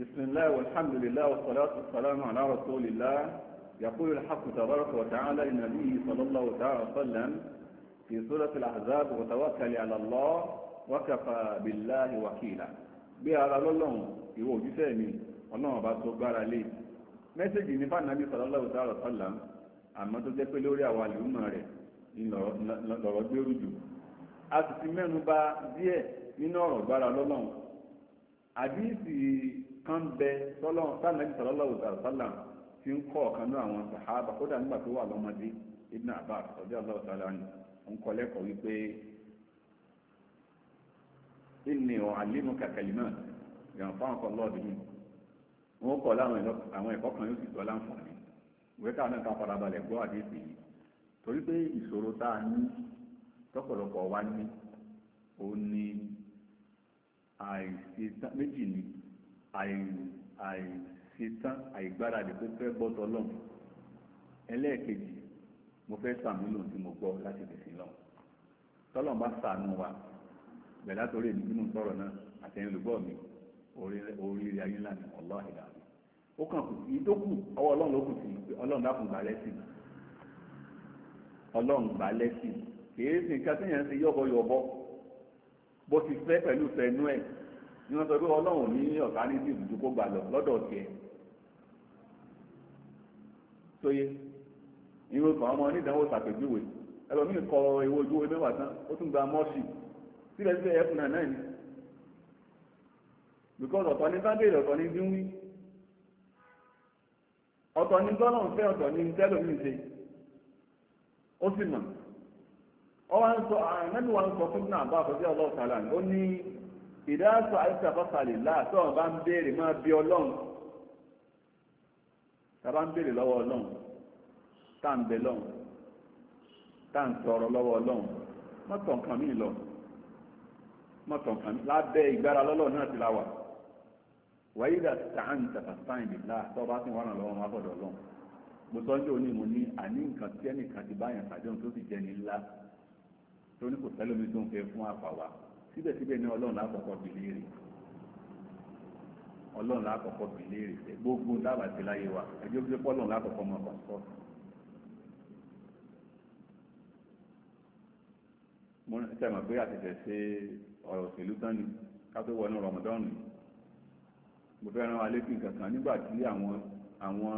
بسم الله والحمد لله والصلاة والسلام على رسول الله يقول الحق تبارك وتعالى لنبيه صلى الله عليه وسلم في سورة الأحزاب وتوكل على الله وكفى بالله وكيلا bí ara lọ́lọ́run ìwọ òjíṣẹ́ mi ọlọ́run ọba tó gbára lé mẹ́sẹ̀gì ní fànàbí sọlọ́lọ́wọ́ sáà sọ́làm àmọ́ tó jẹ́ pé lórí àwọn àlùmọ̀ rẹ̀ lọ̀rọ̀ gbèrú jù a sì ti mẹ́nu bà díẹ̀ nínú ọ̀rọ̀ gbára lọ́lọ́run àdíìsì kan bẹ tọ́lọ́run sànàbí sallallahu alaihi wasallam fi ń kọ́ ọ̀kan náà àwọn sàhábà kódà nígbà tó wà lọ́mọdé ibn abbas radiyallahu ta'ala anhu ń kọ́ lẹ́kọ̀ọ́ wípé inni u'allimuka kalimat láwọn kan yóò sì láǹfààní ìwé náà ká àdéhùn yìí torí pé ìṣòro tá a ní wa àìsítán àìgbáradì tó fẹ́ gbọ́ tọ́lọ́n ẹlẹ́ẹ̀kejì mo fẹ sàmúlò tí mo gbọ́ láti tẹ̀sí lọ tọ́lọ́n bá sàánú wa bẹ̀rẹ̀ látọ̀rẹ́ mi nínú sọ̀rọ̀ náà àtẹ̀yìn olùgbọ́ mi oríire ayé ńlá ni ọlọ́ ìlà mi ó kàn kù sí ló kù sí ni wọ́n sọ ọlọ́run ní ọ̀gá ní sí ìdúdú kó gbà lọ lọ́dọ̀ tiẹ̀ tóye irun kan ọmọ onídàáwó ṣàpèjúwe ẹlòmíì kọ ewu ojú ewé mẹ́wàá tán ó tún gba mọ́ọ̀sì síbẹ̀síbẹ̀ ẹ̀kún náà náà ni because ọ̀tọ̀ ní sunday ọ̀tọ̀ ní dínwí ọ̀tọ̀ ní tọ́lọ́run fẹ́ ọ̀tọ̀ ní tẹ́lòmíì ṣe ó sì mọ̀ ọ wá ń sọ àmẹ́lùwà ń sọ fún náà bá àfọ́sí ọlọ́ọ̀tàlá ó ní ìdáàtò àìsàn fásàlélà tó wọn bá ń béèrè máa bí ọlọ́run tá a bá ń béèrè lọ́wọ́ ọlọ́run tá à ń bẹ lọ́run tá à ń tọrọ lọ́wọ́ ọlọ́run mọ́tò nǹkan mí lọ mọ́tò nǹkan mí lábẹ́ ìgbára lọ́lọ́run náà ti la wà wàyí dà sàn tàfàtàn ìlà tó o bá ti wọ́n lọ́wọ́ wọn bọ̀dọ̀ lọ́wọ́ mo sọ ní òní mo ní àní nǹkan tí ẹnìkan ti báyàn sàdéhùn tó sì jẹ́ ní ńlá tó ní kò sẹ́lómi tó ń fẹ́ fún àfàwà síbẹ̀síbẹ̀ ní ọlọ́run lákọ̀ọ́kọ́ bí léèrè ọlọ́run lákọ̀ọ́kọ́ bí léèrè gbogbo dábàá ti láyé wa ẹjọ́ bí pọ́ ọlọ́run lákọ̀ọ́kọ́ mọ pàṣọ. mo sẹ́mọ̀ pé àtẹ̀tẹ̀ ṣe ọ̀rọ̀ òṣèlú tán ni ká tó wọnú rọmọdọ́ọ̀nù mo fẹ́ rán wa létí nǹkan kan nígbà tí àwọn àwọn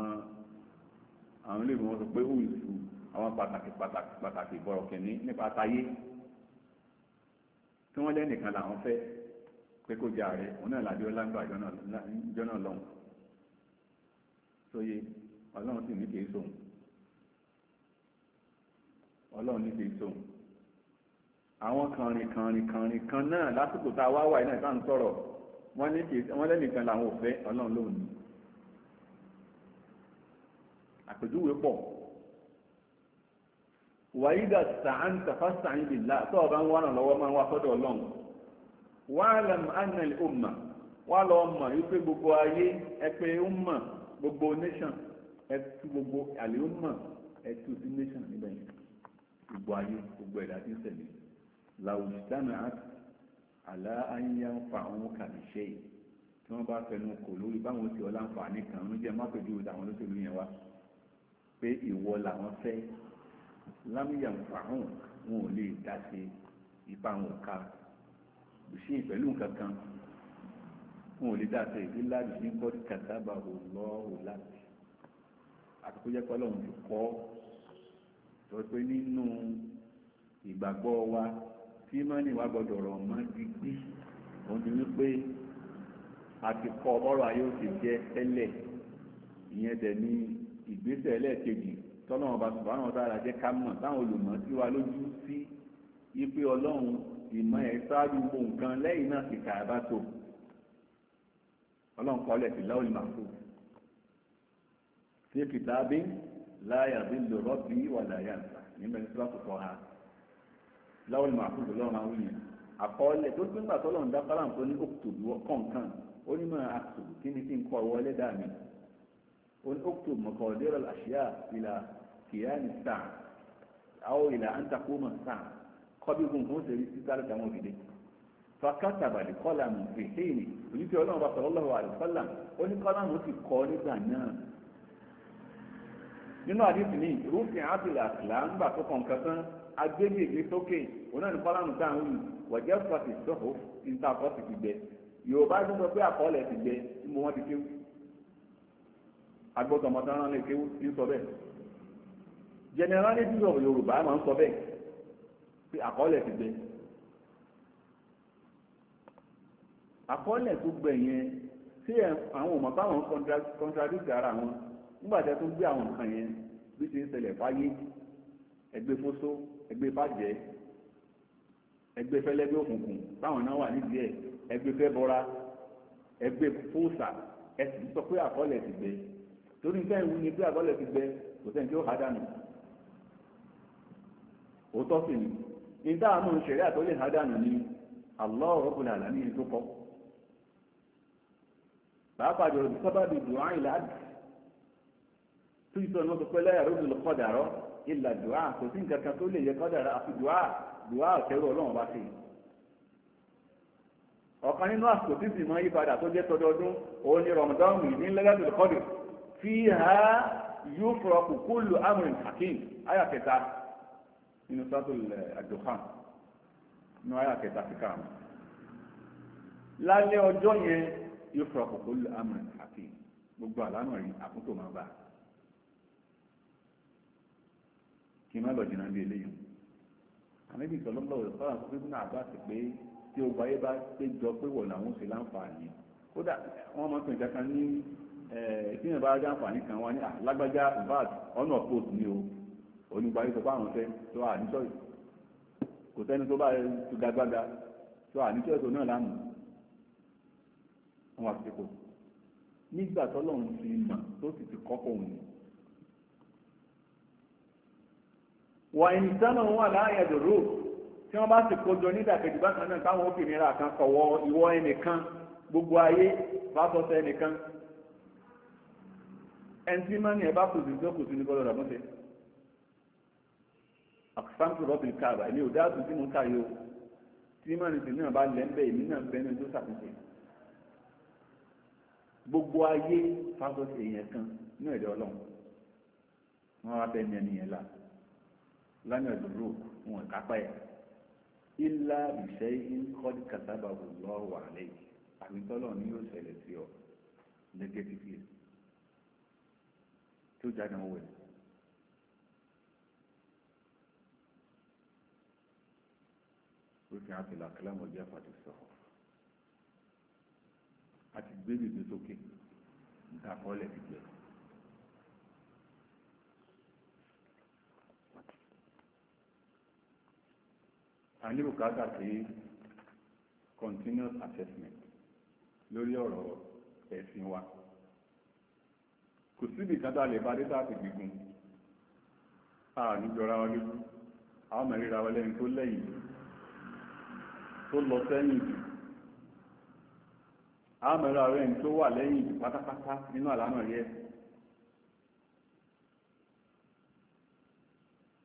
àwọn ilé ìwé wọn sọ pé òun ìfù àwọn pàtàkì pàtàkì pàtàkì bọ̀rọ̀ kẹ́ni nípa àtayé tí wọ́n lẹ́nìkan làwọn fẹ́ pé kó jẹ ààrẹ òun náà làbí ọlágbà jọ́nà lọ́hùn sóye ọlọ́run sì ní kìí sóhun ọlọ́run ní kìí sóhun àwọn kànrin kànrin kànrin kan náà lásìkò tá a wá wà iná ìta ń sọ̀rọ̀ wọ́n ní kìí wọ́n lẹ́nìkan làwọn ò fẹ́ ọlọ́run lóhùn ní àpèjúwe pọ̀ wàyídà sàn tàfàsàn ìbìlá tó ọba ń wà náà lọ́wọ́ máa ń wá sọ́dọ̀ ọlọ́run wàhálàm anil umma wà lọ mọ̀ wípé gbogbo ayé ẹ̀pẹ́ umma gbogbo nation ẹ̀tú gbogbo àlè umma ẹ̀tú sí nation níbẹ̀ yẹn gbogbo ayé gbogbo ẹ̀dá tí ń ṣẹlẹ̀ làwùjítàmì àti àlá ayé ń fa àwọn kàbí ṣe yìí tí wọ́n bá fẹnu kò lórí báwọn ti ọlá ń fa àníkàn ń jẹ́ mápẹ̀jú àwọn lámìyà fàáhùn wọn ò lè dá sí ipa wọn ká bùsí pẹ̀lú nǹkan kan wọn ò lè dá sí ìdílá bìsí kọ́dí kàtàbà lọ́wọ́ láti àkókò jẹ́ pẹ́lú òun ti kọ́ sọ pé nínú ìgbàgbọ́ wa tí mọ́nì wa gbọ́dọ̀ rọ̀ mọ́ gbígbí òun ni wípé a ti kọ́ ọ̀rọ̀ ayé òsè jẹ́ tẹ́lẹ̀ ìyẹn dẹ̀ ní ìgbésẹ̀ ẹlẹ́ẹ̀kejì tọ́lọ́run ọba subhanahu wa ta'ala jẹ́ ká mọ̀ táwọn olùmọ̀ sí wa lójú sí ipe ọlọ́run ìmọ̀ ẹ̀ ṣáájú gbogbo nǹkan lẹ́yìn náà sì kà á bá tó ọlọ́run kọ́ lẹ̀ sí láwùlì màfò sí kìtàbí láyà bí lọ́rọ́ bí wà láyà nígbà tí wọ́n kọ̀ ha láwùlì màfò lọ́rọ̀ máa wúyẹn àkọọ́lẹ̀ tó gbé ńgbà tọ́lọ́run dá kọ́lá nǹkan ní òkùtòbí kọ̀ọ̀kan ó ní máa àtò kí ni kí n kọ́ ọwọ́ ẹlẹ́dàá mi ó ní òkùtòbí mọ̀kọ́ ọ̀dẹ́rọ̀ ìlà kìíyàn sáà àwọn ìlà à ń takò mọ̀ sáà kọ́bí gungun ó ṣe rí sí sáré táwọn òdìdé fakátàbà ní kọ́làmù fèkéènì oníṣẹ Ọlọ́run bá sọ̀rọ̀ lọ́wọ́ àlùfọlà ó ní kọ́làmù n'ụlọ sì yorùbá ló sọ pé ti gbẹ generality of yorùbá máa ń sọ bẹ́ẹ̀ pé àkọọ́lẹ̀ ti gbẹ àkọọ́lẹ̀ tó gbẹ yẹn tí àwọn ọmọ táwọn contradict ara wọn nígbà tí a tún gbé àwọn nǹkan yẹn bí ti ń ṣẹlẹ̀ fáyé ẹgbẹ́ fóso ẹgbẹ́ bàjẹ́ ẹgbẹ́ fẹlẹ́gbé òkùnkùn táwọn náà wà nídìí ẹ̀ ẹgbẹ́ fẹ́ bọ́ra ẹgbẹ́ fóòsà ẹ sì sọ pé àkọọ́lẹ̀ ti gbẹ torí fẹ́ẹ́ wú ni pé àkọọ́lẹ̀ ti gbẹ kò sẹ́ni tí ó há dànù òótọ́ sì ni ní táàmù ìṣẹ̀rí àtọ́lẹ̀ ni Allah Rabbul tó kọ́ pàápàá jọ̀rọ̀ sábàbí dùn án ìlà àdì tó ìsọ̀ ní wọ́n sọ pé láyà kọ́dàrọ́ ìlà dùá kò sí nǹkan kan tó lè yẹ kọ́dàrọ́ ọlọ́run bá ọ̀kan nínú àsìkò tí sì máa yí padà tó jẹ́ tọdọọdún òun ni ní fi nínú sátòlù àdùkán ní ayà kẹta sí karùn-ún lálẹ́ ọjọ́ yẹn yóò fọ àkókò amọ̀ àti gbogbo àlànà rí àkókò máa bá kí n má lọ jìnnà bí eléyìí àmì ìsọlọ́lọ́ ìsọ́lá tó fi náà bá ti pé tí o gbáyé bá péjọ pé wọ̀ làwọn ṣe láǹfààní kódà wọ́n máa ń pè kankan ní ẹ̀ bá rí àǹfààní kan wá ní alágbájá ah, ọ̀nà post ni o onígbàrí sọ fáwọn fẹ́ tó wà níṣọ́ yìí kò sẹ́ni tó bá tugagbága tó wà níṣọ́ ètò náà lánàá wọn àtìkò nígbà tọ́lọ́run ti mọ̀ tó sì ti kọ́kọ́ òun ni. wà ìnìtánà wọn láàyè dòró tí wọ́n bá sì kójọ nídàkejì bákan náà táwọn obìnrin ra kan kọ̀wọ́ ìwọ ẹnìkan gbogbo ayé fásọsẹ ẹnìkan ẹni tí mọ́ni ẹ̀ bá kùsùn tó kùsùn ní bọ́lọ̀ rẹ̀ mọ́tẹ́ àkùsáǹtù rọ́bìn káàbà èmi ò dáàbò tí mo ń káyọ tí mọ̀rìntì náà bá lẹ́ ń bẹ́ èmi náà bẹ́ẹ̀ tó ṣàtúnṣe gbogbo ayé fásitì èèyàn kan ní ẹ̀dẹ̀ ọlọ́run wọn wá bẹ́ẹ̀ ní ẹni yẹn la lánàá ìdúró wọn kápá ẹ̀ ilá ìṣe ìkọ́dí kàtàbà wò lọ́ọ́ wà lẹ́yìn àmì ni yóò ṣẹlẹ̀ sí ọ negatively tó jáde wọn wẹ̀ رفعت الأقلام وجافت الصحف àti gbébì tó sókè nǹkan àkọọ́lẹ̀ ti jẹ́ a ní bùkátà sí continuous assessment lórí ọ̀rọ̀ ẹ̀sìn wa kò síbi kátà lè bá dẹ́ta àti gbígun a níjọra wa lójú a máa ríra wa lẹ́yìn tó lẹ́yìn tó lọ sẹ́yìn ìdì àmọ́ra rẹ̀ ń tó wà lẹ́yìn ìdì pátápátá nínú àlámọ̀ rẹ̀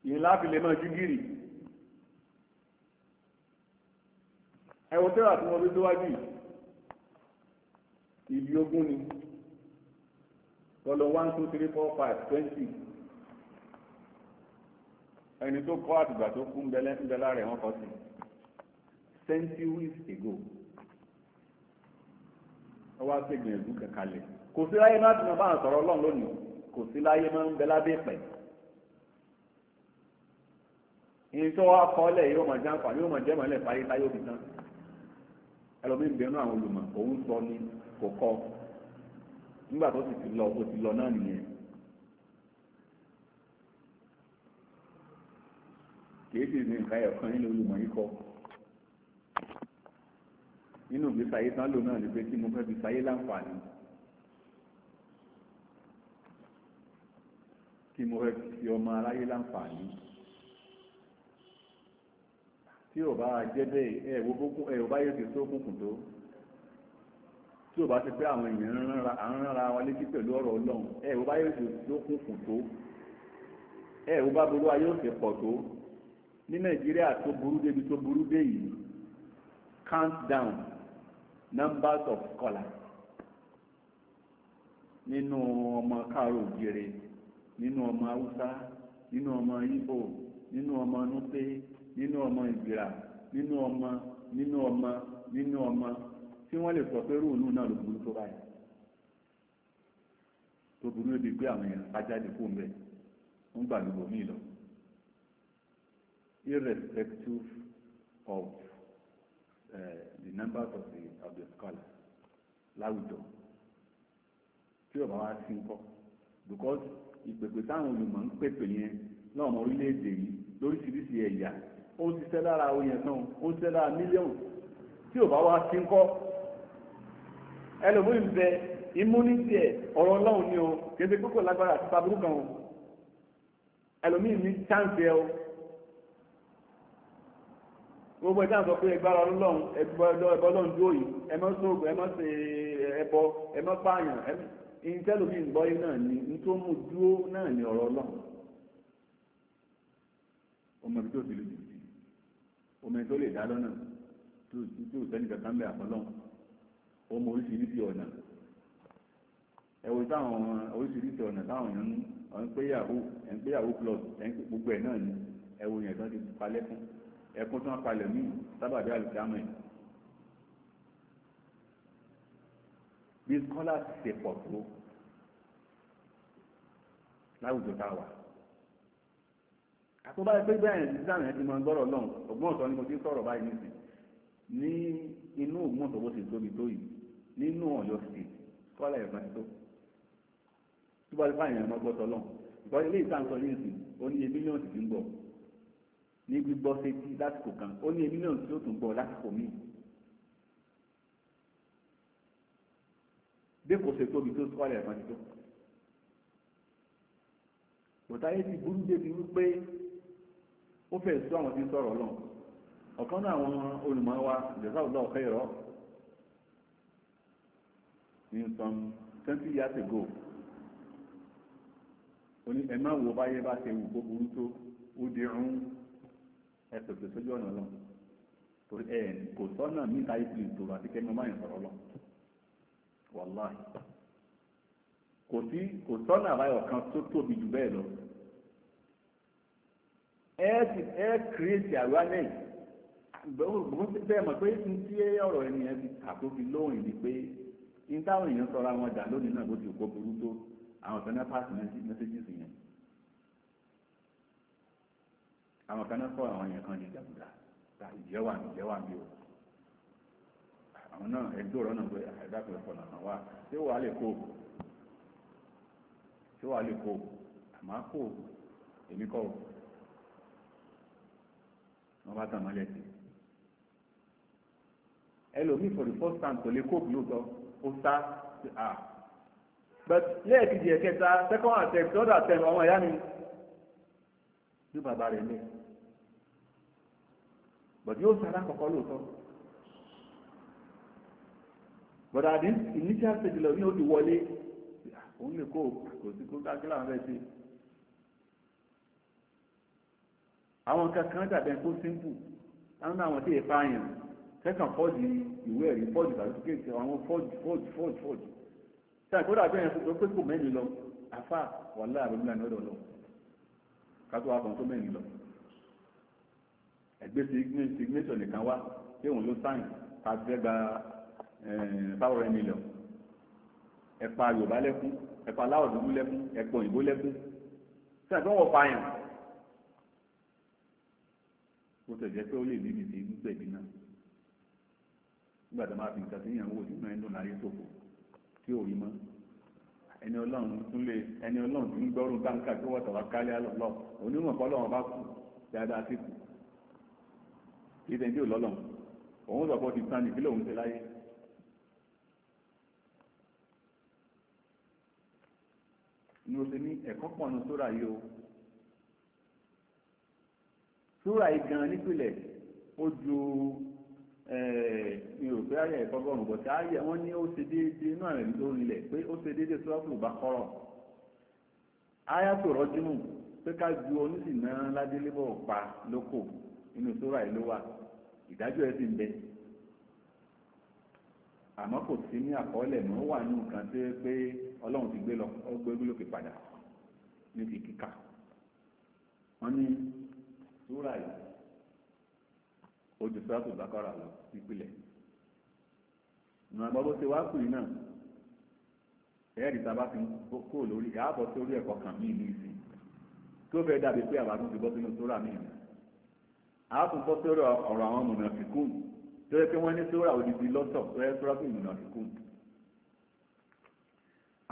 yìí láti lè máa jígìrì ẹ̀wọ̀n tẹ́rà tí wọ́n bí síwájú ìbí ogún ni lọ́lọ́ one two three four five twenty ẹni tó kọ́ àtìgbà tó kú ń bẹ lára ẹ̀ wọ́n kọ́ sí i centuries ago ọwọ́ àtẹ̀gbìn ẹ̀dùn kẹkàlẹ̀ kò sí láyé máa tún bá àtọ̀rọ̀ ọlọ́run lónìí kò sí láyé máa ń bẹ lábẹ́ pẹ̀ ìyẹn wa kọ́lẹ̀ yóò máa jẹ́ àǹfààní yóò máa jẹ́ mọ́lẹ̀ parí táyé òbí tán ẹlòmíì ń bẹnu àwọn olùmọ̀ òun sọ ni kò kọ́ nígbà tó sì ti lọ tó ti lọ náà nìyẹn kìí sì ní nǹkan ẹ̀kan nínú olùmọ̀ yìí kọ́ nínú ìgbésí ayé tán lò náà ni pé kí mo fẹ́ fi sáyé láǹfààní kí mo fẹ́ fi ọmọ aráyé láǹfààní tí ò bá jẹ́ bẹ́ẹ̀ ẹ̀ wo bókún ẹ̀ ò bá yẹ kí tó kúnkùn tó tí ò bá ti pé àwọn èèyàn ń rárá wa létí pẹ̀lú ọ̀rọ̀ ọlọ́run ẹ̀ ò bá yẹ tó kúnkùn tó ẹ̀ ò bá burú ayé òsè pọ̀ tó ní nàìjíríà tó burú débi tó burú dé yìí count down numbers of scholars nínú ọmọ káàró ògèrè nínú ọmọ haúsá nínú ọmọ ibo nínú ọmọ nupe nínú ọmọ ìgbìrà nínú ọmọ nínú ọmọ nínú ọmọ tí wọ́n lè sọ pé rúùnù náà ló burú tó báyìí tó burú ebi pé àwọn èèyàn ajáde fún bẹ ń gbàlúgbò mí lọ irrespective of the numbers of the of the scholars láwùjọ tí ọba wa sí ń kọ́ because ìpèpè táwọn olùmọ̀ ń pèpè yẹn lọ́mọ orílẹ̀-èdè yìí lóríṣiríṣi ẹ̀yà ó ti ṣẹ́ lára oyè tán ó ṣẹ́ lára mílíọ̀nù tí ọba wa sí ń kọ́ ẹlòmíín bẹ immunity ẹ ọ̀rọ̀ Ọlọ́run ni o kì í ṣe kókò lágbára àti pàbùrù kan o ẹlòmíín ní chance ẹ o gbogbo ẹ̀dá sọ pé ẹgbára ọlọ́run ẹbọ ọlọ́run dúró yìí ẹ má sóògùn ẹ má ṣe ẹbọ ẹ má pààyàn ìtẹ́lómi ìgbọ́yé náà ni ní tó mú dúró náà ni ọ̀rọ̀ ọlọ́run ọmọ ibi tó ti lè dìbò ọmọ ẹni tó lè dá lọ́nà tó tó sẹ́ni kankan bẹ́ẹ̀ àfọlọ́run ọmọ oríṣiríṣi ọ̀nà ẹ̀wò táwọn oríṣiríṣi ọ̀nà táwọn èèyàn ń pé ẹ̀ ń pé plus ẹ̀ ń pé gbogbo ẹ̀ náà ni ẹ̀wò yẹn kan ti palẹ́ fún ẹkún tí wọ́n palẹ̀ mí sábàbí àlùkámẹ́ bí kọ́lá ti ṣe pọ̀ tó láwùjọ tá a wà àtúbá ẹgbẹ́ bẹ́ẹ̀ ní sáàmì ẹ̀ ti mọ gbọ́rọ̀ lọ́hùn ọgbọ́n ọ̀sán ni mo ti sọ̀rọ̀ báyìí nísìn ní inú ògbọ́n ọ̀sán bó ti tóbi tó yìí nínú Ọ̀yọ́ state kọ́lá ẹ̀fọn ti tó tó bá ti fáyìn ẹ̀ mọ́ gbọ́tọ̀ lọ́hùn ìkọ́lé ilé ìtàn sọ yìí nísìn ó ní iye mílíọ̀nù ti ń bọ̀ ní gbígbọ́ sétí lásìkò kan ó ní èmi náà tí ó tún gbọ́ lásìkò míì bí kò ṣe tóbi tó sọ́ọ̀lẹ̀ ẹ̀fọn ti tó bọ̀táyé ti burú débi wípé ó fẹ́ sọ àwọn tí ń sọ̀rọ̀ lọ ọ̀kan náà àwọn olùmọ̀ wa ìjọba ọ̀dọ́ ọ̀fẹ́ ìrọ́ in some twenty years ago ó ní ẹ má wo báyé bá ṣe wù kó burú tó ó dirun ẹ pèsè sójú ọ̀nà lọ torí ẹ kò sọ́nà mí táyé fi ìṣòro àti kẹ́mi ọmọ yẹn sọ̀rọ̀ lọ wàláì kò sí kò sọ́nà àbáyọ kan tó tóbi jù bẹ́ẹ̀ lọ ẹ ti ẹ kírèsì awareness bẹ́ẹ̀ mọ̀ pé n tí ọ̀rọ̀ ènìyàn ti kà tó fi lóhùn ni pé n táwọn èèyàn sọra wọn dà lónìí náà bó ti kó burú tó àwọn ìfẹ́ náà pàṣẹ mẹ́sẹ́gì yẹn àwọn kan náà kọ́ àwọn yẹn kan di jàmùdà ta ìjẹ́wà ìjẹ́wà bí o àwọn náà ẹgbẹ́ ọ̀rọ̀ náà pé àìdákùn ẹ̀fọ́ náà wá tí wàá lè kó tí wàá lè kó àmọ́ kó èmi kọ́ wọn bá tàn mọ́lẹ̀ sí ẹlòmíì for the first time kò lè kó lóòótọ́ ó sá sí ah. a but lẹ́ẹ̀kejì ẹ̀kẹta second and third order ọmọ ìyá mi bí bàbá rẹ̀ ní bọ̀dí ó sara kọ̀kọ́ lóòótọ́ bọ̀dà àdé initial stage lọ ní ó ti wọlé òun lè kó kò sí kó kákílà wọn fẹ́ sí àwọn nǹkan kan dàbí ẹni tó simple táwọn náà àwọn tí èèpá yàn kẹ́kàn fọ́ọ̀dì ìwé ẹ̀rí fọ́ọ̀dì tàbí àwọn fọ́ọ̀dì fọ́ọ̀dì fọ́ọ̀dì fọ́ọ̀dì tí àkódà bẹ́ẹ̀ yẹn kó pé kò mẹ́rin lọ àfà wàhálà àbẹ̀mílà ní ọ̀dọ̀ lọ kátó wá kan tó mẹ́rin lọ ẹgbẹ́ signature nìkan wá pé òun ló sáyìn tàbí fẹ́ gba five hundred million ẹ̀pà Yorùbá lẹ́kún ẹ̀pà aláwọ̀ dúdú lẹ́kún ẹ̀pọ̀ òyìnbó lẹ́kún sí àgbẹ̀ wọ̀ fààyàn ó tẹ̀ jẹ́ pé ó lè ní ìdí gbẹ̀bí náà nígbà tó máa fi nǹkan sí ìyàwó òsì náà ń dùn láyé ṣòfò tí ò rí mọ́ ẹni ọlọ́run tún lè ẹni ọlọ́run tún gbọ́rùn táǹkà tó wọ́tọ̀ wá kálí àlọ́lọ́ onímọ̀ kọ́lọ́run bá kù dáadáa sí kù kí sẹ́ni tí ò lọ́lọ́run òun sọ̀pọ̀ ti tán nìkí lòun ṣe láyé. ni o ṣe ní ẹ̀kọ́ pọ̀nù sóra yìí o sóra yìí gan nípìnlẹ̀ ó ju mi ò pé ayé ìfọgọ́rùn bọ̀tí ayé wọ́n ní ó ṣe déédéé inú àrẹ̀ ló rinlẹ̀ pé ó ṣe déédéé sọ́ọ̀tù bá kọ́rọ̀ ayàtò rọ́júmù pé ká ju onísìnà ládélébọ̀ pa lóko inú sóra ẹ̀ ló wà ìdájọ́ ń bẹ àmọ́ kò sí ní àkọọ́lẹ̀ lókè padà ní ti kíkà wọ́n ní sóra ojú sọ́tò bákọ́rà lọ ìpìlẹ̀ ìmọ̀ àgbọ́ bó ṣe wá pè náà ẹ̀ẹ́dì sábà ti kó lórí ìyáàbọ̀ sí orí ẹ̀kọ́ kan míì ní ìsìn tó fẹ́ dàbí pé àbádùn ti bọ́ sínú sóra míì ní àátún bọ́ sórí ọ̀rọ̀ àwọn mùnàfíkùn tó yẹ pé wọ́n ní sóra òdìdí lọ́tọ̀ tó yẹ sóra fún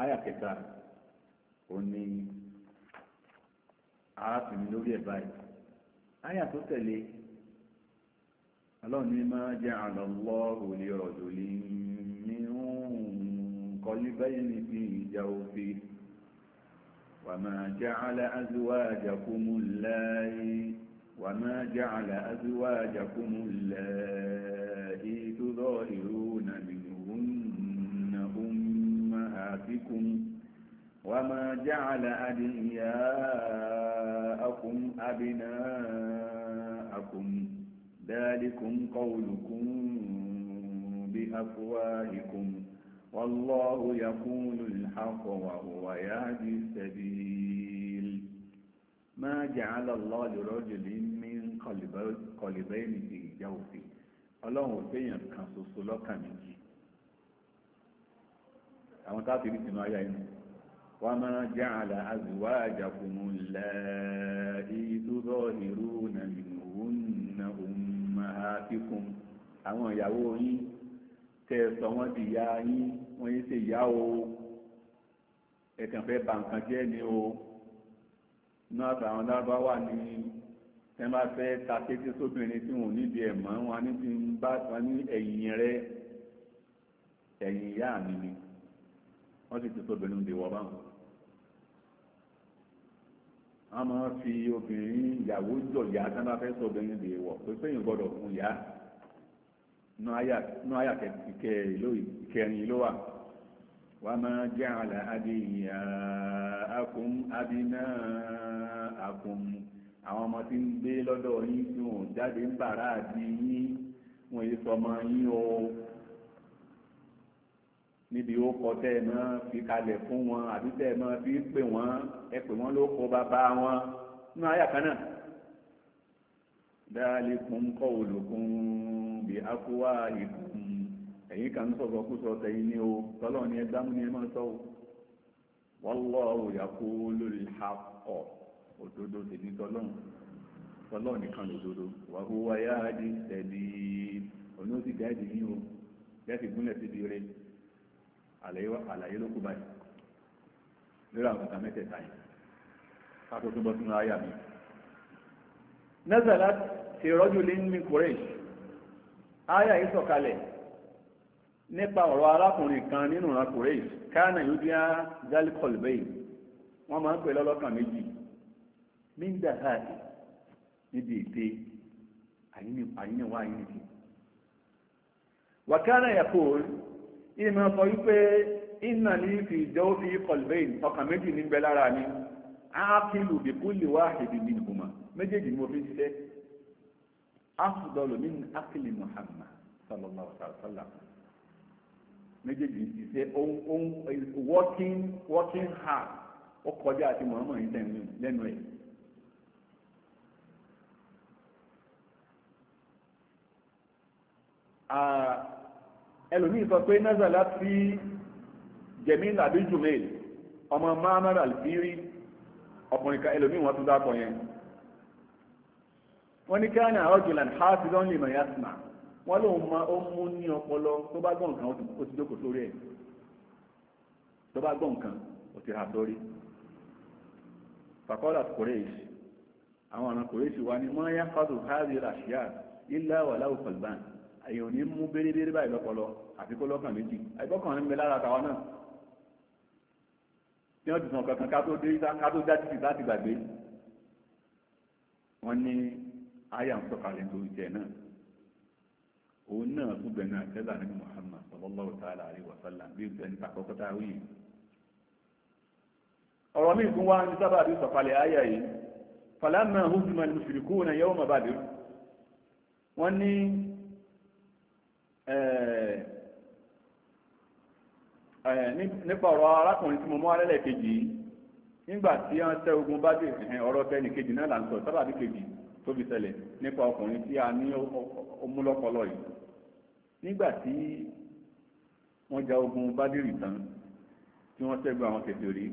àyà kẹta ò ní lórí ẹ̀ báyìí àyà tó tẹ̀lé ọlọ́ni ma jẹ́ وَمَا جَعَلَ أَزْوَاجَكُمُ اللَّائِي وَمَا جَعَلَ أَزْوَاجَكُمُ اللَّائِي تُظَاهِرُونَ مِنْهُنَّ أُمَّهَاتِكُمْ وَمَا جَعَلَ أَدْعِيَاءَكُمْ أَبْنَاءَكُمْ ذلكم قولكم بأفواهكم والله يقول الحق وهو يهدي السبيل ما جعل الله لرجل من قلبين في جوفه ọlọ́run fẹ́yàn kan ṣoṣo lọ́kàn méjì àwọn káàkiri sínú ayá inú wa ma ja'ala azwajakumul laa'i tudhahiruna minhunna ummahatikum àwọn ìyàwó yín tẹ́ ẹ sọ wọ́n di ìyá yín wọ́n yín ṣe ìyá o ẹ̀kàn fẹ́ ba nǹkan jẹ́ ni o inú àtàwọn lárúbáwá ni ẹ máa fẹ́ ta kété sóbìnrin tí wọn ò nídìí ẹ̀ mọ́ wọn ní ti ń bá wọn ní ẹ̀yìn rẹ ẹ̀yìn ìyá mi ni wọ́n sì ti sóbìnrin dè wọ́ báwọn wọ́n máa fi obìnrin ìyàwó jọ̀yà tí wọ́n bá fẹ́ sọ obìnrin lè wọ̀ pé péyìn gbọ́dọ̀ fún yá nú àyà kẹrin ló wà wọ́n máa jẹ́ àlà adìyà akùn abiná akùn àwọn ọmọ tí ń gbé lọ́dọ̀ yín tí wọ́n jáde ń bàrá àti yín wọ́n yé sọmọ yín o níbi ó kọ tẹ́ ẹ mọ́ fi kalẹ̀ fún wọn àbí tẹ́ ẹ mọ́ fi pè wọ́n ẹ pè wọ́n ló kọ bàbá wọn nínú àyà kan náà. dáálíkùn qawlukum bí akúwá ìkùn ẹ̀yìn kan sọ̀rọ̀ kú sọ tẹ̀yìn ni o tọ́lọ́ ni ẹ dámú ni ẹ máa sọ o. wallahu yaqulul haqq òdodo tèmi tọ́lọ́ tọ́lọ́ nìkan lòdodo wa huwa yahdi sabil òun ó sì dáàdì yín o jẹ́ ti gúnlẹ̀ síbi rẹ̀ àlàyé ló kú báyìí lórí àwọn ọ̀tà mẹ́tẹ̀ẹ̀ta yìí káàkó tó bọ́ sínú àyà mi. nẹ́sàlá ti rọ́jú lé ní kúrẹ́ṣì àyà yìí sọ̀kalẹ̀ nípa ọ̀rọ̀ arákùnrin kan nínú ìran kúrẹ́ṣì káànà yóò dín á zalikol bẹ́ẹ̀ wọ́n máa ń pè lọ́lọ́kàn méjì nígbà káàkiri níbi ète àyíníwá àyíníkì wàkánà yàkó ìmọ̀ sọ wípé iná ní fi ìjọ ó fi kọlbẹ́ìn ọkàn méjì ní bẹ lára ni ákìlù bí kú lè wá èdè mi nìkùmọ̀ méjèèjì mo fi ṣiṣẹ́ afudọlù min akili muhammad sallallahu alaihi wa sallam méjèèjì ṣiṣẹ́ working working hard ó kọjá àti muhammad yìí tẹ̀ lẹ́nu ẹ̀. Uh, ẹlòmíì sọ pé nazala sí jẹ̀mí làbí jùmẹ̀lì ọmọ mahamad albiri ọkùnrin kan ẹlòmíì wọn tún dákọ yẹn wọ́n ní káyọ̀ náà ọ̀jọ̀lá ní hafi lọ́n lè mọ̀ yasma wọ́n lòun ma ó mú ní ọpọlọ tó bá gbọ́ nǹkan ó ti jókòó sórí ẹ̀ tó bá gbọ́ nǹkan ó ti hà sórí fakọ́lá kòrèèsì àwọn ọ̀nà kòrèèsì wa ni mọ́ yá fásitì hàzì ràṣíà ilá wàláwù pẹ̀lú báńkì èyàn ò ní mú bérebére báyìí lọ́pọlọ àfi kó lọ́kàn méjì àìkọ́kàn ń bẹ lára tàwa náà tí wọ́n ti sàn kankan ká tó dé ká tó dá títì láti gbàgbé wọ́n ní àyà ń sọ̀kalẹ̀ lórí tẹ̀ náà òun náà tún bẹ̀rẹ̀ náà tẹ́lá nínú Muhammad sallallahu ta'ala alaihi wa sallam bí bẹ̀rẹ̀ níta kọ́kọ́ ọ̀rọ̀ mi fún wa ní sábà bí sọ̀kalẹ̀ àyà yìí falamma huzima al-mushrikuna yawma Badr wọ́n ní nípa ọ̀rọ̀ arákùnrin tí mo mọ́ alẹ́lẹ̀ kejì yìí nígbà tí wọ́n ogun bá dé ọ̀rọ̀ tẹ́ni kejì náà là sábàbí nípa ọkùnrin tí a ní omúlọ́pọlọ yìí nígbà tí wọ́n ja ogun bádìrì tán tí wọ́n àwọn kẹfẹ́ rí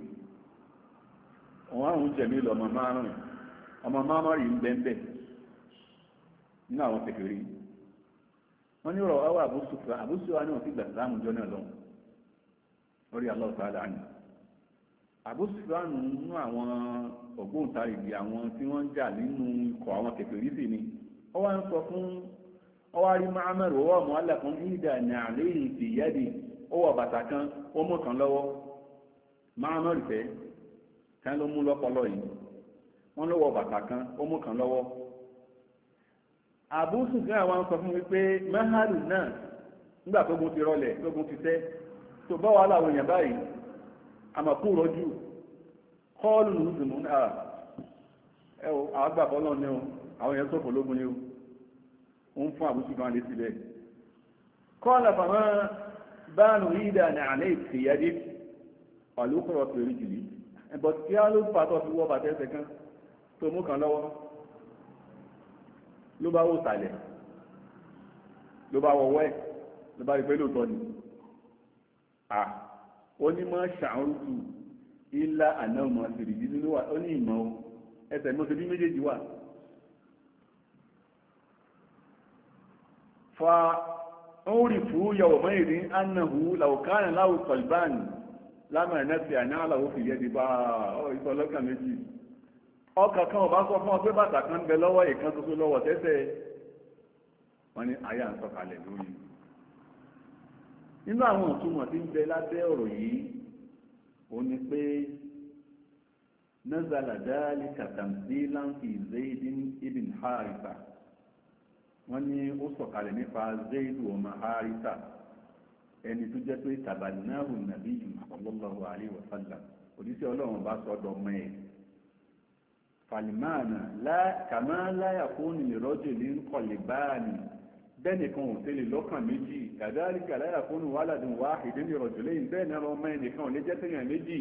àrùn jẹ̀mí lọ ọmọ márùn-ún rí wọ́n ní ọ̀rọ̀ ọwọ́ abu àbúsùfà náà ti gbà sáàmù jọ náà lọ́wọ́ lórí aláwọ̀tá abu sufra nínú àwọn ògbóǹtarìgì àwọn tí wọ́n jà nínú ikọ̀ àwọn kẹfẹ́rí sì ni ó wá ń sọ fún ó wá rí Mu'ammar ó wà ní ó wọ bàtà kan ó kan lọwọ kan ló mú yìí wọ bàtà kan ó kan lọwọ. àbúsùn kí àwọn sọ fún mi pé mẹ́hàlù náà nígbà tó gun ti rọlẹ̀ tó gun ti tẹ́ tó bá wà láwọn èèyàn báyìí àmọ̀kú rọjú kọ́ọ̀lù lùsùn mú náà ah, ẹ o àgbà bọ́lọ̀ ni o àwọn èèyàn sọ̀fọ̀ lógun ni o ń fún àbúsùn kan lè sílẹ̀ kọ́ọ̀lù fàmọ́ báàlù ìdá ní àlẹ́ ìfìyàdé pàlú kọ̀rọ̀ pẹ̀lú jìlì ẹ̀bọ̀ tí á ló fà tó fi wọ́ bàtẹ́sẹ̀ kan tó mú kan lọ́wọ́ ló bá wò sàlẹ̀ ló bá wọwọ́ ẹ̀ ló bá rí pé lóòótọ́ ni à ó ní mọ́ ṣàrùtù ilá àná ọmọ àṣìrìdí nínú wà ó ní ìmọ̀ o ẹsẹ̀ mọ́ ṣebí méjèèjì wà fa orí fún yàwó mẹ́rin ní annahu làwòkánà láwùkọ̀lbán lámà náà fi àná àlàó fìyẹ́ di bá ọ ìtọ́lọ́kà méjì ọkà kan ọba sọ fún ọ pé bàtà kan bẹ lọ́wọ́ ìkan tuntun lọ́wọ́ tẹ́tẹ́ wọ́n ní ayé à ń sọ̀kalẹ̀ lórí nínú àwọn ìtumọ̀ tí ń bẹ lábẹ́ ọ̀rọ̀ yìí ó ní pé nazala dhalika tamthilan fi zaidin ibn haritha wọ́n ní ó sọ̀kalẹ̀ nípa zaidu ọmọ haritha ẹni tó jẹ́ pé tàbánáhùn nàbíyù sallallahu alaihi wa sallam òdíṣẹ́ ọlọ́run bá sọ ọdọ̀ ọmọ ẹ̀ fàlìmáàna kàmá láyà fóònù ìrọ́jò ní kọlìbáàni bẹ́ẹ̀nìkan ò tẹ́lẹ̀ lọ́kàn méjì kàdáríkà láyà fóònù wàládùn wá lẹ́yìn bẹ́ẹ̀ ọmọ ò lè jẹ́ sẹ́yìn méjì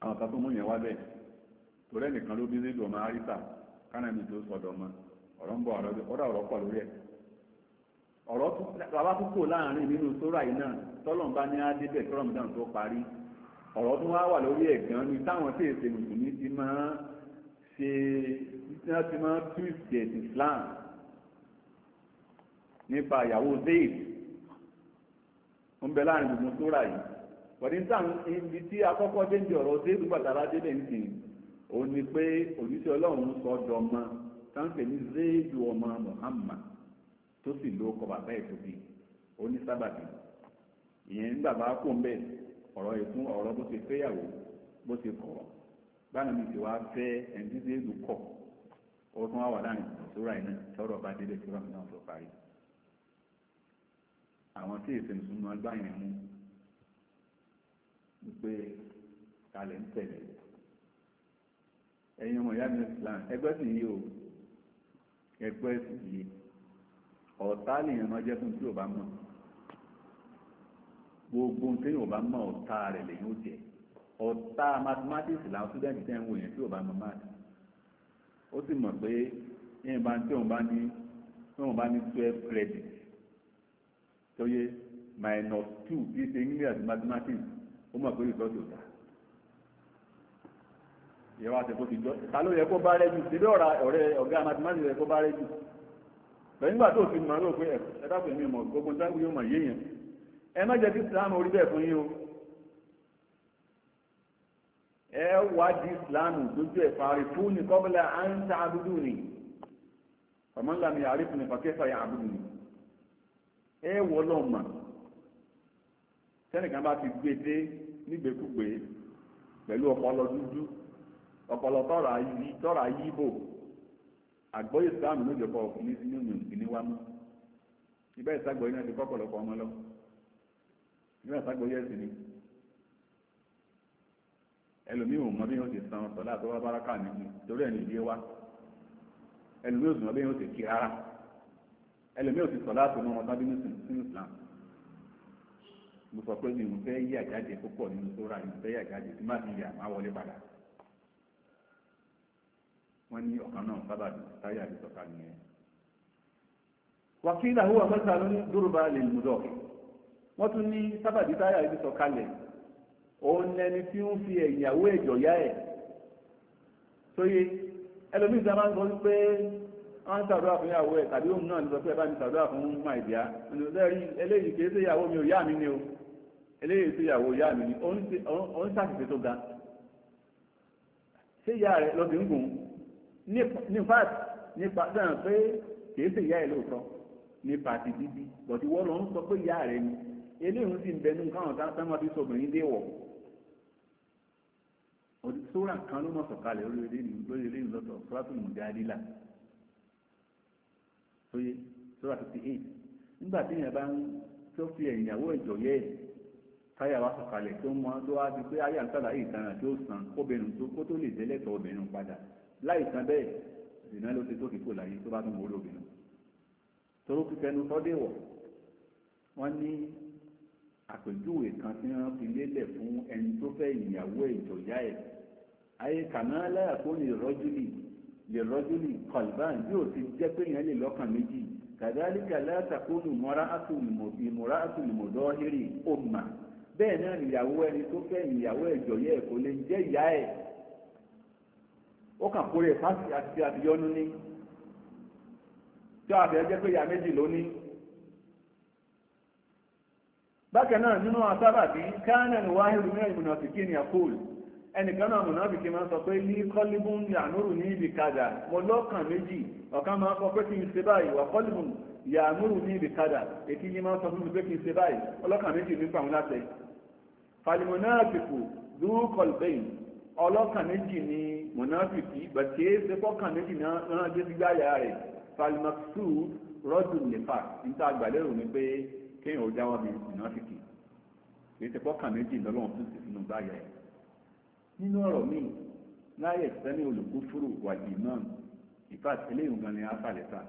àwọn kan mú yẹn wá bẹ́ẹ̀ torí ẹnìkan ló bí nílùú ọmọ àríṣà kánà mi tó sọdọ̀ ọmọ ọ̀rọ̀ ń bọ̀ ọ̀rọ̀ ọ̀rọ̀ pọ̀ lórí ẹ̀ ọ̀rọ̀ púpọ̀ nínú ọ̀rọ̀ tó wá wà lórí ẹ̀gán ni táwọn tí èsè mùsùlùmí ti máa ṣe wọ́n ti máa twist ẹ̀sìn Islam nípa ìyàwó Zayd ń bẹ láàrin gbogbo tó rà yìí pẹ̀lú táwọn ibi tí akọ́kọ́ dé ń di ọ̀rọ̀ Zayd gbàtàrà délé ń sìn ó ní pé òjíṣẹ́ Ọlọ́run sọ dọ́mọ táǹpẹ̀ ní Zayd ọmọ Muhammad tó sì lóko bàbá ẹ̀ tóbi ó ní sábàbí ìyẹn ń bàbá kò ń bẹ́ẹ̀ ọ̀rọ̀ ìkún ọ̀rọ̀ bó ṣe fẹ́yàwó bó ṣe kọ̀ báyìí mi ti wá fẹ́ ẹni tí ṣéèdù kọ̀ ó tún wá wà láàrin ìṣòro àìní tọ́rọ̀ bá délé tí rọmìnà sọ parí àwọn tí èsì ìsúná gbá yẹn mú wípé kalẹ̀ ń tẹ̀lé ẹ̀yin ọmọ ìyá mi Islam ẹgbẹ́ sì yí o ẹgbẹ́ sì yí ọ̀tá lèèyàn máa jẹ́ fún tí ò bá mọ̀ gbogbo nǹkan yóò bá mọ ọ̀tá rẹ̀ lẹ́yìn òjẹ́ ọ̀tá mathematics làwọn student tẹ́ ń wò yẹn tí yóò bá mọ math ó sì mọ̀ pé yẹn bá tí òun bá ní tí òun bá ní twelve credit tó yẹ minus two bí ṣe English àti mathematics ó mọ̀ pé ìtọ́ tó dá ìyẹn wá sẹ́kọ̀ọ́ ti jọ ta ló yẹ kó bá rẹ́jù sílé ọ̀rẹ́ ọ̀gá mathematics yẹ kó bá rẹ́jù pẹ̀lú nígbà tó ti mọ̀ lóòpin ẹ̀ ẹ̀dá pẹ̀lú ìmọ̀ gbogbo táwọn yóò mọ̀ yéèyàn ẹ má jẹ́ kí islam orí bẹ́ẹ̀ fún o ẹ wá di islam lójú ẹ̀ parí fún ní kọ́bílà à ń ta abúdú ni ọmọlá mi àrífù ní pàkẹ́fà yà abúdú ni ẹ wọ́ lọ́mà tẹ́nìkan bá ti gbé dé nígbèkúgbè pẹ̀lú ọpọlọ dúdú ọpọlọ tọrọ ayí tọrọ ayí bò àgbọ́yé islam lójú ọ̀pọ̀ ọkùnrin ní ìwà mú nígbà tá gbóyè sí ni ẹlòmíì ò mọ bí yóò ṣe san sọlá tó wá bára káà méjì torí ẹni ìdíyẹ wá ẹlòmíì ò sì mọ bí yóò ṣe kí rárá ẹlòmíì ò sì sọlá tó mọ ọmọdé nínú sínú Islam mo sọ pé mi fẹ́ yí àjáde púpọ̀ nínú fẹ́ yí àjáde tí má wọ́n tún ní sábàbí táyà ibi sọ̀kalẹ̀ òun lẹni tí ń fi ẹ̀yàwó ẹ̀jọ̀ yá ẹ̀ sóye ẹlòmíì sábà ń sọ pé wọ́n ń ṣàdúrà fún ìyàwó ẹ̀ tàbí òun náà ń sọ pé ẹ bá mi ṣàdúrà fún màìdíá ẹlòmíì eléyìí kìí ṣe ìyàwó mi ò yá mi ni o eléyìí ṣe ìyàwó ìyá mi ni ó ń ṣàṣìṣe tó ga ṣé ìyá rẹ̀ lọ́ọ́ ń gùn ní fact nípa dáhùn pé kìí ṣe ìyá ẹ̀ lóòótọ́ nípa ti bíbí bọ̀dí wọ́n lọ ń sọ pé ìyá rẹ̀ ni eléyìí sì ń bẹnu káwọn tá sáwọn àti sọgbìnrin dé wọ sóra kan ló mọ sọ̀kalẹ̀ lórí eléyìí lọ́tọ̀ sọlátù mùdáàdìlà sóyè sóra fifty eight nígbà tí èèyàn bá ń tó fi ẹ̀yìnàwó ìjọ yẹ ẹ̀ táyà wá sọ̀kalẹ̀ tó mọ tó wá di pé ayé àtàlà ìtara tó san kóbìnrin tó kó tó lè délẹ̀tọ̀ obìnrin padà láì san bẹ́ẹ̀ ìdènà ló ti tó kíkó láyé tó bá tún wọlé obìnrin torókùtẹnu sọdẹwọ wọn ní àpèjúwe kan tí wọ́n fi lélẹ̀ fún ẹni tó fẹ́ ìyàwó ìjọyà ẹ̀ ayé kàmáńlá kó lè ni lè rọ́júlì kọlbán bí ó ti jẹ́ pé yẹn lè lọ́kàn méjì kàdálíkà látàkùnù mọ́ra ìmọ̀ra àtùnìmọ̀dọ́ hírì ọmọ bẹ́ẹ̀ náà ìyàwó ẹni tó fẹ́ ìyàwó ìjọyà ẹ̀ kò lè jẹ́ ìyá ẹ̀ ó kàn kórè fásitì àti àbíyọ́nú ní tí a fẹ́ jẹ́ pé ìyá méjì lónìí bákan náà nínú àsábàbí kánẹ̀ ni wáhìrù mẹ́rin mùnàfìkì ni àkóòl ẹnìkan náà mùnàfìkì máa ń sọ pé ní kọ́líbùn yànúrù ní ibi kadà mo lọ́kàn méjì ọ̀kan máa ń sọ pé kí n ṣe báyìí wà kọ́líbùn yànúrù ní ibi kadà èkí yìí máa ń sọ fún mi pé kí n ṣe báyìí ọlọ́kàn méjì ní pàmò láti falimunaafiku dúkọlbẹ́yìn ọlọ́kàn méjì ni mùnàfìkì bàtí èsè fọ́kàn méjì náà dé sí gbáyà rẹ̀ falimaksu rọ́dùn nípa níta kéèyàn ó jáwọ́ mi ìnáfìkì èyí ti pọ́kà méjì lọ́lọ́run tún sì sínú báyà ẹ̀ nínú ọ̀rọ̀ míì láyé ìsẹ́ni olùkúfúrú wàjì náà ìfà eléyìí gan ni afàlẹ́fà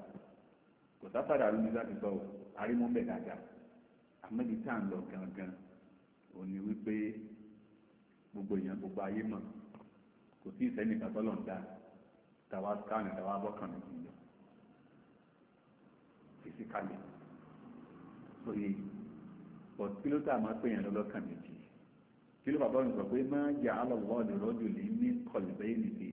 kò sáfàdà lómi láti sọ arímọ́bẹ̀ dáadáa àmọ́bi tá à ń lọ gangan ò ní wípé gbogbo èèyàn gbogbo ayé mọ̀ kò sí ìsẹ́ni ìtàtọ́lọ̀ ń dá tàwa skáàni tàwa bọ́kàn méjì lọ fìsíkàlẹ̀ oye but kí ló tà máa pè yàn lọ́lọ́kàn méjì kí ló bàbá òyìnbó pé má jà á lọ́wọ́ ọ̀dọ̀rọ̀ jù lé ní kọlùbẹ́ ìnìdí